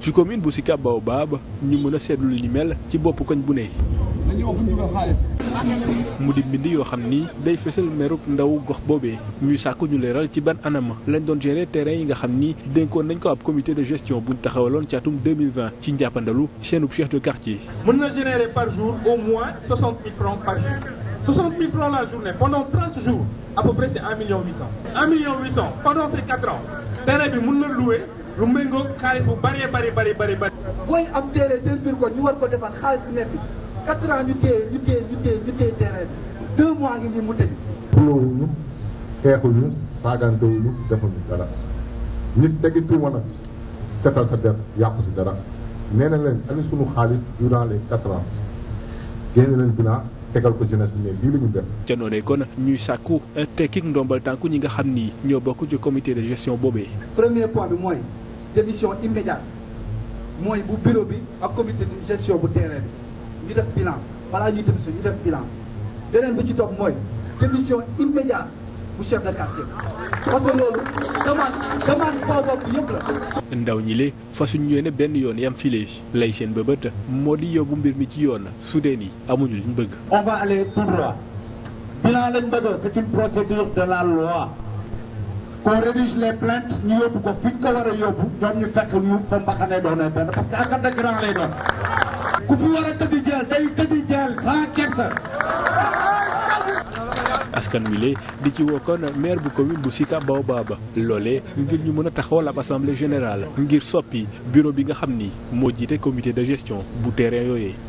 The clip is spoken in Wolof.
ci commune bu Sicap Baobab ñu mën a seetlu lu mel ci bopp koñ bu ne. mu di mbind yoo xam ni day fësal merub ndaw gox boobee ñuy sàkku ñu leeral ci ban anam lañ doon gérer terrain yi nga xam ni dénkoon nañ ko ab comité de gestion buñ taxawaloon ci atum 2020 ci njàppandalu seenub chef de quartier. mën na générer par jour au moins 60 000 francs par jour 60 000 francs la journée pendant 30 jours à peu près c'est 1 million million pendant ces 4 ans lu méngóog xaalis bu bëree bëri bëri booy am téere seen biir ko ñu war ko defar xaalis bi nekk quatre ans ñu téye ñu téye ñu téye ñu téye terrain bi deux mois ngi nii mu tëj. xuloowuñu xeexuñu saagantewuñu defuñu dara nit tegi tuuma nag setal sa der yàqu si dara nee na leen ani sunu xaalis durant les quatre ans génne leen bilan. tegal ko jeunesse bi ne lii la ñu def. ca noonee kon ñuy sàkku eh, tekki ndombal tànku ñi nga xam ni ñoo bokk ci comité de gestion boobee. premier point bi mooy démission immédiate mooy bu bureau bi ak comité de gestion bu terrain bi ñu def bilan balaa ñuy démission ñu def bilan beneen bu ci toog mooy démission immédiate. bu chef de quartier parce que loolu demande la. ndaw ñi li fasuñ ñëwee benn yoon yam filé lay seen bëbët moo di yóbbu mbir mi ci yoon su dee nii amuñu liñ bëgg. on va tout droit bilan lañ bëgg c'est une procédure de la loi. qu'on rédige les plaintes ñu yóbbu ko fi ñu a yóbbu ñoom ñu fekk ñu fa mbaxane doonee benn parce que affaire grand lay doon ku fi war a tëddi jël day tëddi jël sans kersa. askan wile di ci woo kon maire bu commune bu Sicap ba loolee ngir ñu mën a taxawal la assemblée général ngir soppi bureau bi nga xam ni moo jiite comité de gestion bu tere yooyee